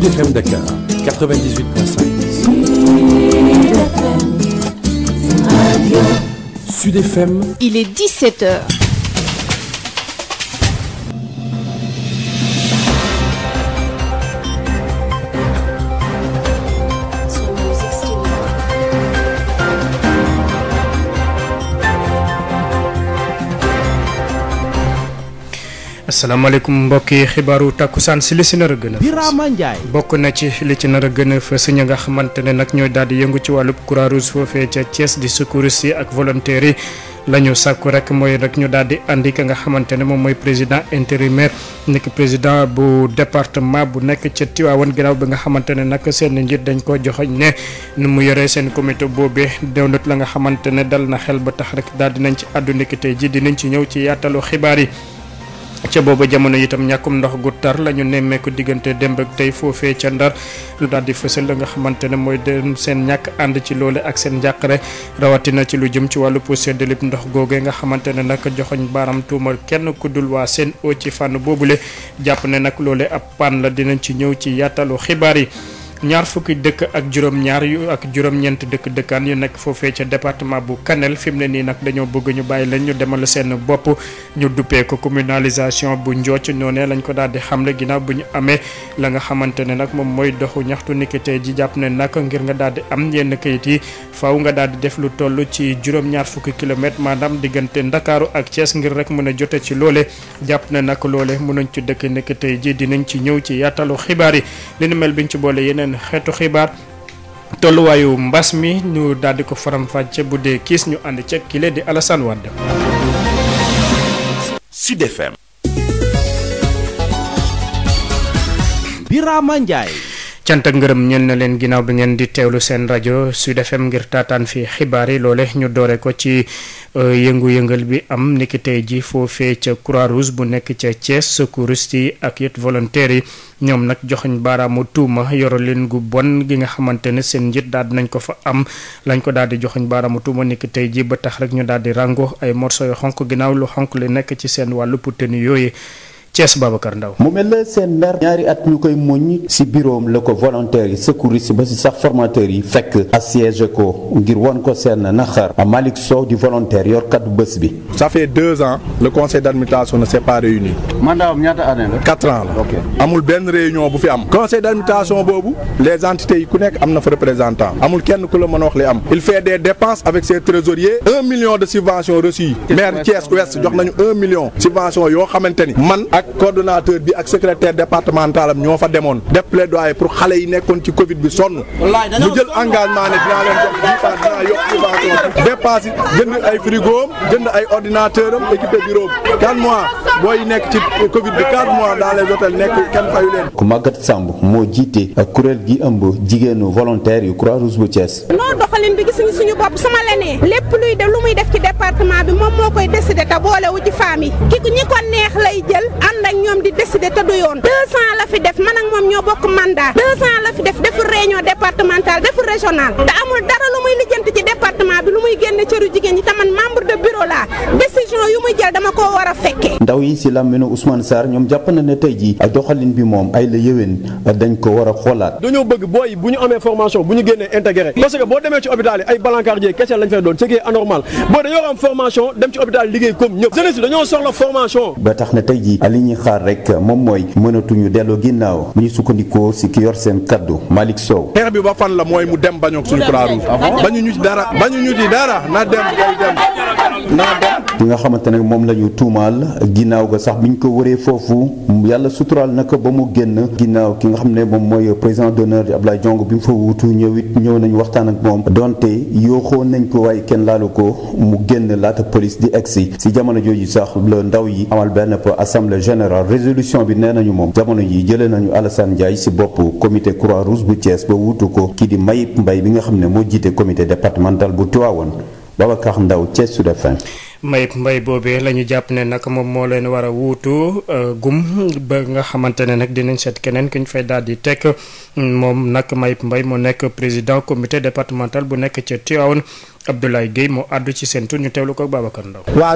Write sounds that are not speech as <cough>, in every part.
Sud FM Dakar 98.5 Il est 17h asalaamaaleykum mbokki xibaaru takkusaan si li si nar a gën a Birama Ndiaye bokk na ci li ci nar a gën a fës ñi nga xamante ne nag ñooy daal di yëngu ci wàllu Croix-Rouge foofee ca Thiès di secouriste yi ak volontaires yi la sàkku rek mooy rek ñu daal di andi ka nga xamante ne moom mooy président intérimaire nekk président bu département bu nekk ca tiwaawan ginaaw bi nga xamante ne nag seen njiit dañ ko joxoñ ne nu mu yoree seen comité boobee déwnat la nga xamante ne dal na xel ba tax rek daal dinañ ci àddu ndekki ji dinañ ci ñëw ci yaatalu xibaar yi ca booba jamono itam ñàkkum ndox gu tar la ñu nemmeeku diggante démb ak tey foofee ca ndar lu daal di fësal la nga xamante ne mooy dem seen ñàkk ànd ci loole ak seen njàqare rawatina ci lu jëm ci wàllu séddale ndox googe nga xamante ne nag joxoñ baaram tuumal kenn ku dul waa seen o ci fànn boobule jàpp ne nag loole ab paan la dinañ ci ñëw ci yaatalu xibaar yi ñaar fukki dëkk ak juróom-ñaar yu ak juróom-ñeent dëkk dëkkaan yu nekk foofee ca département bu Kanel fi mu ne nii nag dañoo bëgg ñu bàyyi lañu ñu demal seen bopp ñu duppee ko communalisation bu njooc noonee lañ ko daal di xamle ginnaaw bu ñu amee la nga xamante ne nag moom mooy doxu ñaxtu niki tey ji jàpp ne nag ngir nga daal di am yenn kayit yi faw nga daal di def lu toll ci juróom-ñaar fukki kilomètre maanaam diggante Ndakaaru ak Thiès ngir rek mën a jote ci loole jàpp ne nag loole mënuñ ci dëkk niki tey dinañ ci ñëw ci yaatalu xibaar yi xeetu xibaar tolluwaayu mbas mi ñu daal ko faram-fàccee bu dee kiis ñu ànd ceeg kile di Alassane Wade. Sud FM. Birama Ndiaye. cant ak ngërëm ñel na leen ginnaaw bi ngeen di teelu seen rajo Sud FM ngir tataan fi xibaar yi loole ñu doore ko ci euh, yëngu-yëngal bi am niki tey ji foofee ca Croix-Rouge bu nekk ca Thiès secouriste yi ak it volontaires yi ñoom nag joxuñ baaraamu tuuma yoro leen gu bon gi nga xamante ne seen njit daal di nañ ko fa am lañ ko daal di joxuñ baaraamu tuuma nekk tey ji ba tax rek ñu daal di rango ay morso yu xonq ginnaaw lu xonk li nekk ci seen wàllu tenue yooyu Thiès Babacar Ndaw mu mel na seen mer ñaari at ñu koy muñ si biroom la ko volontaires yi secouriste ba si sax formateur yi fekk assiégé ko ngir won ko seen naxar Malick Sow di volontaire yor kaddu bés bi ça fait deux ans le conseil d'administration ne s'est pas réuni mandat ñaata année la quatre ans la amul benn réunion bu fi am conseil d'administration boobu les entités yi ku nekk am na fa représentant amul kenn ku la mën a wax li am il fait des dépenses avec ses trésoriers un million de yoo xamante ni man ak bi ak secrétaire départemental am ñoo fa demoon def plaidoyer pour xale yi nekkoon ci Covid bi sonn mu jël engagement ne dinaa leen jox dix ans dinaa yokk subvention jënd ay frigo jënd ay ordinateur am équipé bureau am booy nekk ci Covid bi 4 mois dans les hôtels nekk kenn fayu leen. ku màggat Samb moo jiite ak kuréel gi ëmb jigéenu volontaire yu croix bu Thiès. noo doxalin bi gis suñu bopp su ma la lépp luy de lu muy def ci département bi moom moo koy décider te boolewu ci femmes yi ki ñi ko neex lay jël ànd ak ñoom di décider te du yoon 200 la fi def man ak moom ñoo bokk mandat 200 la fi def deful réunion départementale deful régional te amul dara lu muy de bureau laa décision yu muy jël dama ndaw yi si làmmiñu Ousmane Sarr ñoom jàpp na ne tey ji doxalin bi moom ay la yéwén dañ ko war a xoolaat dañoo bëgg booy bu ñu amee formation bu ñu génnee intégré parce boo demee ci hôpital yi ay balancardier kese lañ fay doon ce qui anormal boo dañoo am formation dem ci hôpital liggéey comme ñëpp jeunesse dañoo soxla formation ba tax na tey ji li xaar rek moom mooy mënatuñu delloo ginnaaw bu ñu sukkandikoo si ki yor seen kaddu Malick bi nga xamante ne moom la ñu tuumaal ginnaaw ga sax ñu ko waree foofu yàlla suturaal na ba mu génn ginnaaw ki nga xam ne moom mooy président d'honneur di Ablaye Diong bi mu fa wuutu ñëw it ñëw nañ waxtaan ak moom donte yooxoon nañ ko waaye kenn laalu ko mu génn laata police di egsi si jamono jooju sax la ndaw yi amal benn assemblée général résolution bi nee nañu moom jamono yi jëlee nañu Alassane Ndiaye si bopp comité croix rouge bu Thiès ba wuutu ko kii di Mayib Mbaye bi nga xam ne moo jiite comité départemental bu Tivaouane Babacar Ndaw Thiès Sud FM Mayib mbay boobee la ñu jàpp ne nag moom moo leen war a wuutu euh, gum ba nga xamante ne nag dinañ seet keneen ki ñu fay daal di tek moom nag Mayib mbay mu nekk président commité départemental bu nekk ca Tivaouane Abdoulaye Guèye moo àddu ci seen tur ñu teewlu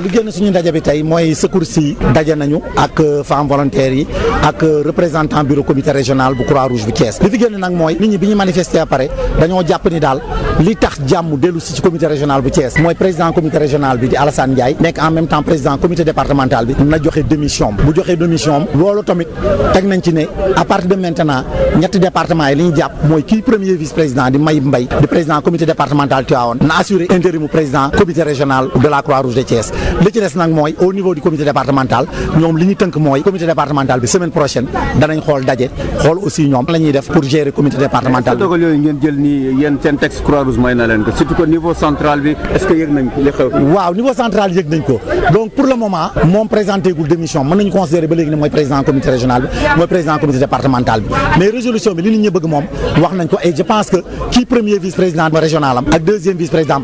lu génn suñu ndaje bi tey mooy secours si daje nañu ak euh, femmes volontaires yi ak euh, représentant bureau comité régional bu croix rouge bu Thiès li fi génn nag mooy nit ñi bi ñu manifester ba pare dañoo jàpp ni daal li tax jàmm dellu ci comité régional bu Thiès mooy président comité régional bi di Alassane Ndiaye nekk en même temps président comité départemental bi na joxe démission bu joxe démission loolu tamit teg nañ ci ne à de maintenant ñetti assurer président comité régional de la Croix-Rouge de Thiès li ci des nag mooy au niveau du comité départemental ñoom li ñu tënk mooy comité départemental bi semaine prochaine danañ xool daje xool aussi ñoom la def pour gérer comité départemental bi. waaw niveau central yëg nañ ko donc pour le moment moom présenté gul démission mën nañu considérer ba léegi ne mooy président comité régional bi mooy président comité départemental bi mais résolution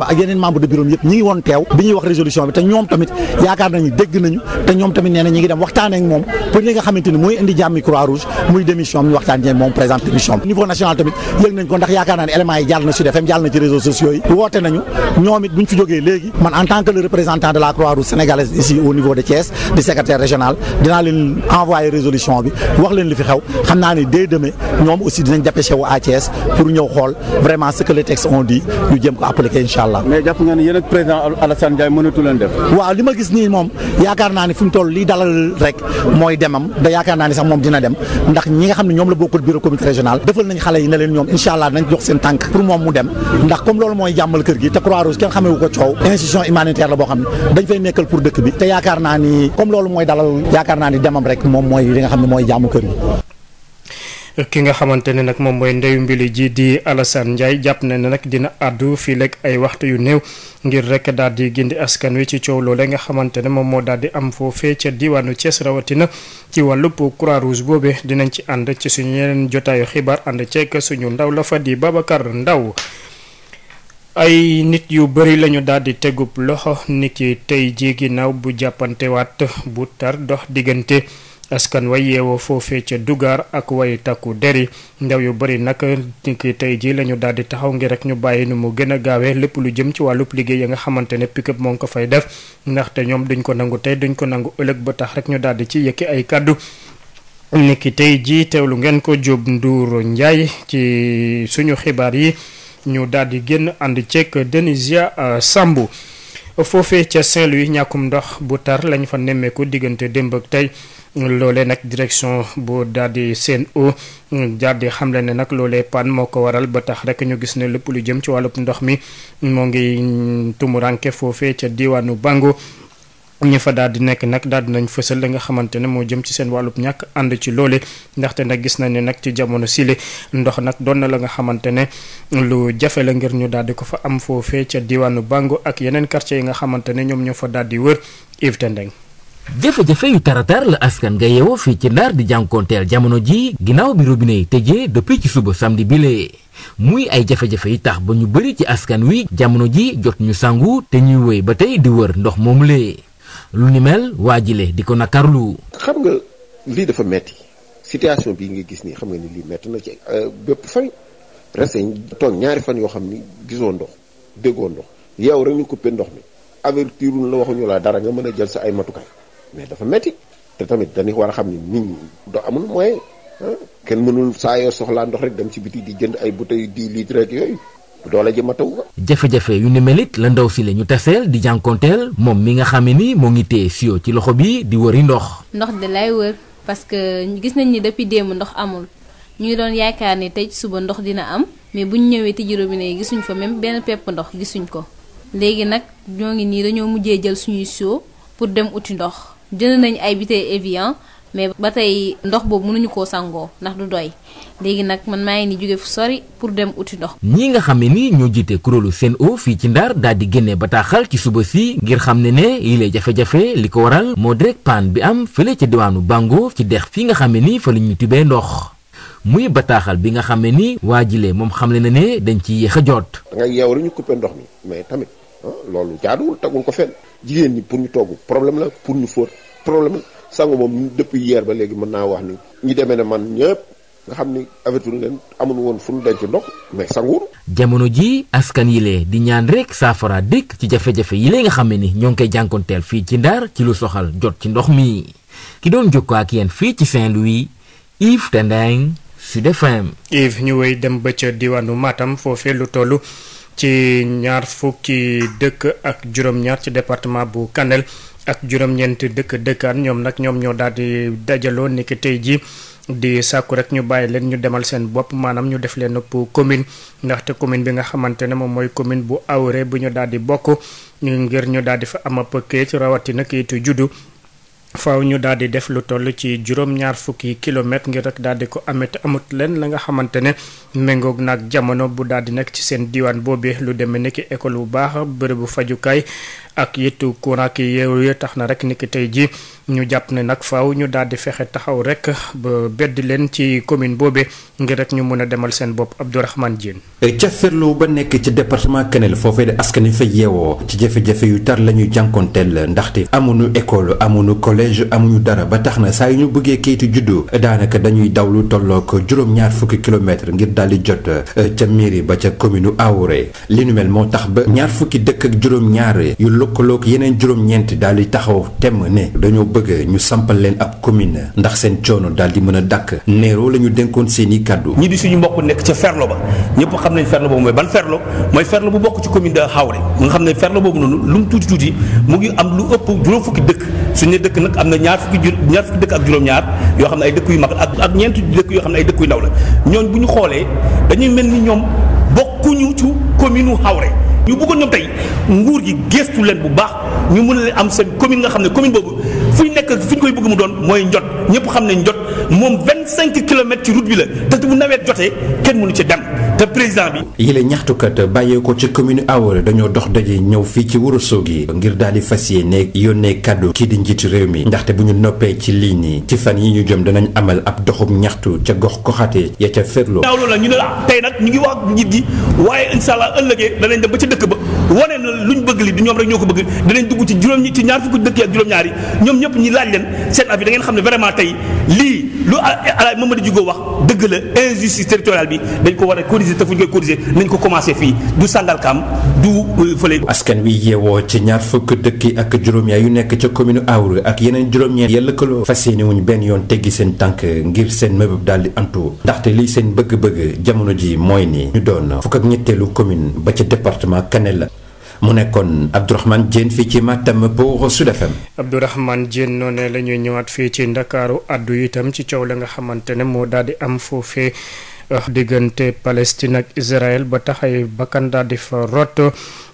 Samba ak yeneen membre de bureau yëpp ñi ngi woon teew bi ñuy wax résolution bi te ñoom tamit yaakaar nañu dégg nañu te ñoom tamit nee ñi ngi dem waxtaan moom pour ñu waxtaan ak moom présente démission am niveau national tamit yëg nañ ko ndax yaakaar naa ne éléments yi jàll na Sud jàll na ci réseaux sociaux yi woote nañu ñoom it buñ fi jógee léegi man en tant que représentant de la croix rouge sénégalaise ici au niveau de Thiès di secrétaire allah. mais jàpp nga ni yéen ak président Alassane Ndiaye def. waaw li ma gis nii moom yaakaar naa ni fi mu toll lii dalal rek mooy demam da yaakaar naa ni sax moom dina dem ndax ñi nga xam ne ñoom la bokkul bureau comité régional defal nañ xale yi ne leen ñoom incha allah nañ jox seen tànk pour moom mu dem ndax comme loolu mooy jàmmal kër gi te croix rouge kenn xamee ko coow institution humanitaire la boo xam ne dañ fay nekkal pour dëkk bi te yaakaar naa ni comme loolu mooy dalal mooy li nga xam ne mooy jàmm ki nga xamante ne nag moom mooy ndeyu mbili ji di Alassane Ndiaye jàpp na ne nag dina àddu fii lekk ay waxtu yu néew ngir rek daal di gindi askan wi ci coow loole nga xamante ne moom moo daal di am foofee ca diwaanu cees rawatina ci wàllub Croix Rouge boobee dinañ ci ànd ci suñu yeneen jotaayu xibaar ànd ceeg suñu ndaw lafa fa di Babacar Ndaw ay nit yu bëri lañu daal di tegub loxo niki tey jii ginnaaw bu jàppantewaat bu tar dox diggante askan wa yeewoo foofee ca dugaar ak way takku deri ndaw yu bëri nag niki tey jii la ñu daal di taxaw ngir rek ñu bàyyi nu mu gën a gaawee lépp lu jëm ci wàllub liggéey ya nga xamante ne pick-up moo ngi ko fay def ndaxte ñoom duñ ko nangu tey duñ ko nangu ëllëg ba tax rek ñu daal di ci yëkki ay kàddu niki tey jii teewlu ngeen ko Jóob Nduur Njaay ci suñu xibaar yi ñu daal di génn ànd cek Denisia euh, Sambu foofee ca Saint-Louis ñàkkum ndox bu tar lañ fa nemmeeku loole nag direction bu daal di seen o daal di xamle ne nag loolee pan moo ko waral ba tax rek ñu gis ne lépp lu jëm ci wàllub ndox mi moo ngi tumuraanke foofee ca diwaanu bàngo ñu fa daal di nekk nag daal di nañ fësal la nga xamante ne moo jëm ci seen wàllub ñàkk ànd ci loole ndaxte nag gis nañ ne nag ci jamono sile ndox nag doon na la nga xamante ne lu jafe la ngir ñu daal di ko fa am foofee ca diwaanu Bango ak yeneen quartier yi nga xamante ne ñoom ñoo fa daal di wër Yves jafe-jafe yu taratar la askan nga yewoo fii ci Ndar di jànkonteel jamono ji ginnaaw bi robinet yi tëjee depuis ci suba samedi bile muy ay jafe-jafe yi tax ba ñu bëri ci askan wi jamono ji jot ñu sangu te ñuy wéy ba tey di wër ndox moomu lee lu ni mel waajile di ko nakarlu. xam nga lii dafa metti situation bii nga gis nii xam nga ni lii metti na ci euh, bépp fan resté toog ñaari fan yoo xam ni gisoo ndox déggoo ndox yow rek ñu coupé ndox mi avertir la waxuñu la dara nga mën a jël sa ay matukaay. mais dafa métti te tamit dañu war a xam ni nit ñi amul mooy kenn mënul saa yoo soxlaa ndox rek dem ci biti di jënd ay bouteilles di litre rek yooyu doole ji ma taw ko. jafe-jafe yu ne mel it la ndaw si la ñu taseel di jànkonteel moom mi nga xam ne ni moo ngi téye sio ci loxo bi di wëri ndox. ndox de lay wër parce que gis nañ ni depuis démb ndox amul ñu ngi doon yaakaar ni tey suba ndox dina am mais bu ñu ñëwee tijji robine yi gisuñ fa même benn pepp ndox gisuñ ko léegi nag ñoo ngi nii dañoo mujjee jël suñuy sio pour dem uti ndox. jënd nañu ay bouteilles Evian mais ba tey ndox boobu mënuñu ko sangoo ndax du doy léegi nag man maa ngi ni jóge fu sori pour dem uti ndox. ñi nga xam ne ni ñoo jiite kuréelu o fii ci Ndar daal di génne bataaxal ci suba si ngir xam ne ne yile jafe-jafe li ko waral moo di paan bi am fële ca diwaanu Bango ci dex fii nga xam ne ni fa la ñu tubee ndox muy bataaxal bi nga xam ne ni waa jile moom xam xamle na ne dañ ci yéex a jot. nga yeew rek ñu coupé ndox mi mais tamit ah, loolu jaaduwul tagul ko jigéen ñi pour ñu togg problème la pour ñu fóot problème sangu moom depuis hier ba léegi mën naa wax ni ñi demee ne man ñëpp nga xam ni avetul leen amul woon fu ñu denc ndox mais sanguur jamono ji askan yi di ñaan rekk saafara dikk ci jafe-jafe yi lee nga xam ne ni ñoo ngi koy jànkonteel fii ci Ndar ci lu soxal jot ci ndox mi ki doon jokkoo ak yéen fii ci Saint-Louis Yves Tendeng su FM. Yves ñu wéy dem ba ca maatam Matam foofee lu toll ci ñaar fukki dëkk ak juróom-ñaar ci département bu Kanel. ak juróom-ñeent dëkk dëkkaan ñoom nag ñoom ñoo daal di dajaloo niki tey jii di sàkku rek ñu bàyyi leen ñu demal seen bopp maanaam ñu def leen nëpp commune ndaxte commune bi nga xamante ne moom mooy commune bu Awré bu ñu daal di bokk ngir ñu daal di fa am ab këyit rawatina këyitu juddu. faaw ñu daal di def lu toll ci juróom-ñaar fukki kilomètre ngir rek daal di ko amet amut leen la nga xamante ne méngoog nag jamono bu daal di nekk ci seen diwaan boobee lu demee niki école bu baax bërëbu fajukaay ak yëttu courant ki yeewu tax na rek niki tey ji ñu jàpp ne nag faaw ñu daal di fexe taxaw rek ba bedd leen ci commune boobee ngir rek ñu mën a demal seen bopp Abdourahmane Diène. ca Ferlo ba nekk ci département Kanel foofee de askan wi ci jafe-jafe yu tar la ñuy jànkonteel ndaxte amuñu école amuñu collège amuñu dara ba tax na saa yu ñu bëggee kayitu juddu daanaka dañuy daw lu tollook juróom fukki kilomètre ngir daal di jot eh, ca mairie ba ca commune Aouré li moo tax ba ñaar fukki dëkk ak juróom-ñaar yu lëkkaloog yeneen juróom-ñeent daal di taxaw temm ne dañoo bëgg ñu sampal leen ab commune ndax seen coono daal di mën a dàkk neeroo la ñu dénkoon seen i kàddu ñi di suñu mbokk nekk ca ferlo ba ñëpp xam nañ ferlo ba mooy ban ferlo mooy ferlo bu bokk ci commune de Xawre am na ñaar fukki ñaar fukki dëkk ak juróom yoo xam ne ay dëkk yu mag ak ak dëkk yoo xam ne ay dëkk yu ndaw la ñooñ bu ñu xoolee dañuy mel ni ñoom bokkuñu ci commune Xawre ñu bëggoon ñoom tey nguur gi gestu leen bu baax ñu mën leen am seen commune nga xam ne commune boobu fu ñu nekk fu ñu koy bëgg mu doon mooy njot ñëpp xam ne njot moom cinq kilomètres ci route bi la te bu nawet jotee kenn mënu ci dem te président bi. yile ñaxtukat bàyyeekoo ca commune Awore dañoo dox daje ñëw fii ci Ouro Sogui ngir daal di fas yéene yónnee kàddu kii di njiitu réew mi njaxte bu ñu noppee ci lii nii ci fan yi ñu jëm danañ amal ab doxum ñaxtu ca gox koxate ya ca Ferlo. ñaaw loolu ñu ne tey nag ñu ngi wax njiit gi waaye incha allah ëllëgee danañ dem ba ca dëkk ba wane na luñ bëgg li du ñoom rek ñoo ko bëgg danañ dugg ci juróom ñi ci ñaar fukki dëkk yi ak juróom-ñaar ñoom ñëpp ñi laaj leen da ngeen xam ne vraiment tey lii lu Alaaj Mamadou Djigo wax dëgg la injustice territoriale bi dañ ko war cotiser te fu ñu ko commencé fii du Sangalkam du euh, fële. askan wi yeewoo ci ñaar fukk dëkk ak juróom-ñaar yu nekk ca commune Aour ak yeneen juróom-ñeent ya lëkkaloo fas wu ñu benn yoon teggi seen tànk ngir seen mëbëb daal di antu ndaxte lii seen bëgg-bëgg jamono ji mooy ni ñu doon fukk ak ñetteelu commune ba ca département la mu nekkoon Abdourahmane Diène fii ci Matam pour Sud FM. ma Diène noonu la ñuy ñëwaat fii ci Ndakaaru addu itam ci coow la nga xamante ne moo daal di am foofee. diggante Palestine ak israel ba tax ay bakkan daal di fa rot.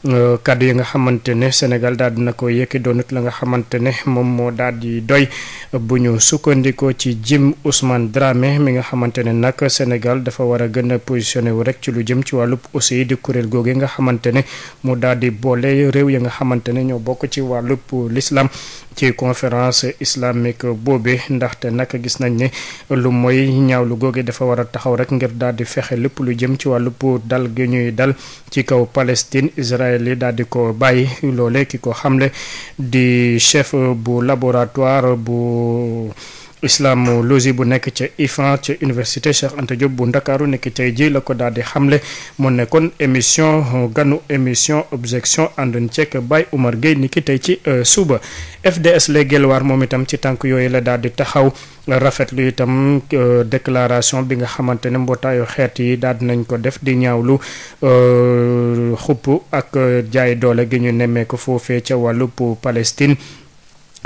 Euh, kàddu yi nga xamante ne Sénégal daal dina ko yëkki doonut la nga xamante ne moom moo daal di doy bu ñu sukkandikoo ci Jim Ousmane Dramé mi nga xamante ne nag Sénégal dafa war a gën a positionné wu rek ci lu jëm ci wàllub OCI di kuréel googu nga xamante ne mu daal di boole réew yi nga xamante ne ñoo bokk ci wàllub l'islam ci conférence islamique boobee ndaxte nag gis nañ ne lu mooy ñaawlu googe dafa war a taxaw rek ngir daal di fexe lépp lu jëm ci wàllub dal gi ñuy dal ci kaw Israël yi daal di ko bàyyi loole ki ko xamle di chef bu laboratoire bu. islamologie bu nekk ca IFAN ca université Cheikh Anta Diop bu ndakaaru nekk tey ji la ko daal di xamle mu nekkoon émission ganu émission objection àndoon ceek Baye Umar Gueye ni ki tey ci euh, suba FDS les moom itam ci tànk yooyu la daal di taxaw lu itam euh, déclaration bi nga xamante ne mbootaayu xeet yi daal di nañ ko def di ñaawlu euh, xupp ak jaay doole gi ñu nemmee ko foofee ca wàllu Palestine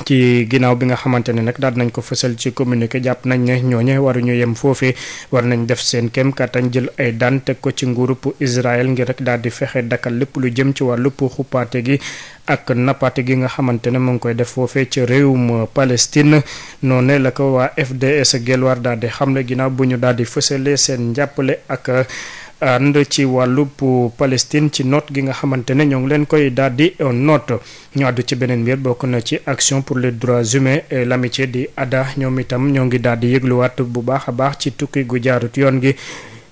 ci ginnaaw bi nga xamante ne nag daal nañ ko fësal ci communiqué jàpp nañ ne ñooñe waruñu yem foofe war nañ def seen kem kàttan jël ay daan teg ko ci nguurub Israël ngir rek daal di fexe dakkal lépp lu jëm ci wàllub xupaate gi ak nappaate gi nga xamante ne mu ngi koy def foofee ci réewum Palestine noonu la ko waa FDS Gelwaar daal di xamle ginnaaw bu ñu daal di fësalee seen njàppale ak. ànd ci wàllu Palestine ci noot gi nga xamante ne ñoo ngi leen koy daal di note ñu àddu ci beneen mbir bokk na ci action pour les droits humains et di ADHA ñoom itam ñoo ngi daal di yëgluwaat bu baax a baax ci tukki gu jaarut yoon gi.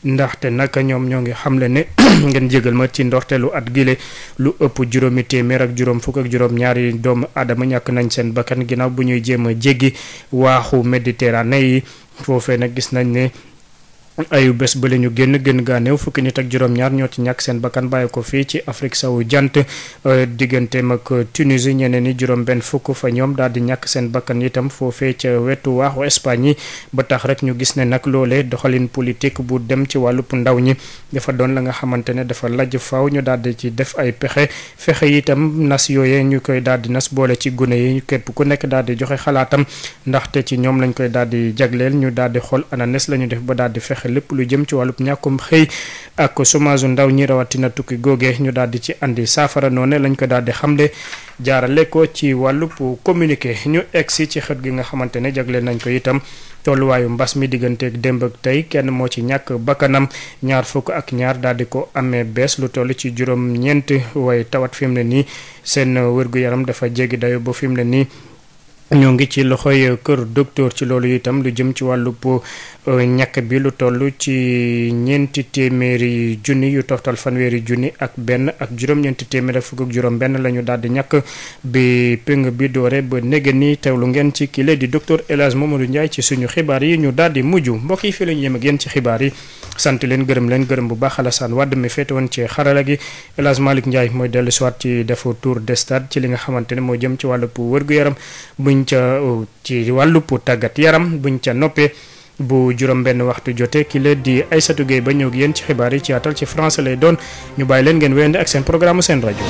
ndaxte nag ñoom ñoo ngi xamle ne <clears throat> ngeen jégal ma ci ndorteelu at gile lu ëpp juróomi téeméer ak juróom fukk ak juróom ñaari doomu aadama ñàkk nañ seen bakkan ginnaaw bu ñuy jéem a jéggi waaxu Méditerranée yi foofee nag gis nañ ne. ayu bés ba la ñu génn gën gaaneew fukki nit ak juróom-ñaar ñoo ci ñàkk seen bakkan bàyyi ko fii ci Afrique sawu jant euh, digganteem ak Tunisie ñeneen ñi juróom-benn fukk fa ñoom daal di ñàkk seen bakkan itam foofee ca wetu waaxu Espagne yi ba tax rek ñu gis ne nag loole doxalin politique bu dem ci wàllub ndaw ñi dafa doon la nga xamante ne dafa lajj faw ñu daal di ci def ay pexe fexe itam nas yooyee ñu koy daal di nas boole ci gune yi képp ku nekk daal di joxe xalaatam ndaxte ci la ñu def ba lépp lu jëm ci wàllub ñàkkum xëy ak chômage ndaw ñi rawatina tukki googe ñu daal di ci indi saafara noone lañ ko daal di xamle jaarale ko ci wàllub communiqué ñu egsi ci xët gi nga xamante ne jagle nañ ko itam tolluwaayu mbas mi digganteeg démb ak tey kenn moo ci ñàkk bakkanam ñaar fukk ak ñaar daal di ko amee bees lu toll ci juróom ñeent waaye tawat fi mu ne nii seen wérgu yaram dafa jéggi dayo ba fi mu ne nii ñoo ngi ci loxo loxoy kër docteur ci loolu itam lu jëm ci wàllu wàllub uh, ñàkk bi lu toll ci ñeenti téeméeri junni yu toftal fanweeri junni ak benn ak juróom-ñeenti téeméer fukk juróom-benn la ñu daal di ñàkk bi péng bi doore ba néega ni teewlu ngeen ci kile di docteur El Hadj Mamadou Ndiaye ci suñu xibaar yi ñu daal mujj mbokk yi fii la ñu yem ci xibaar yi sant leen gërëm leen gërëm bu baax Alassane Wade mi féete woon ci xarala gi El Hadj Malick Ndiaye mooy dellu siwaat ci defu tour de ci li nga xamante ne moo jëm ci wàllub wërgu yaram buñ ca euh, ci wàllub tàggat yaram buñ ca noppee bu juróom mbenn waxtu jotee ki la di Aysatu Gueye ba ñëw ak yéen ci xibaar yi ci atal ci France lay doon ñu bàyyi leen ngeen wéyandi ak seen programme seen rajo.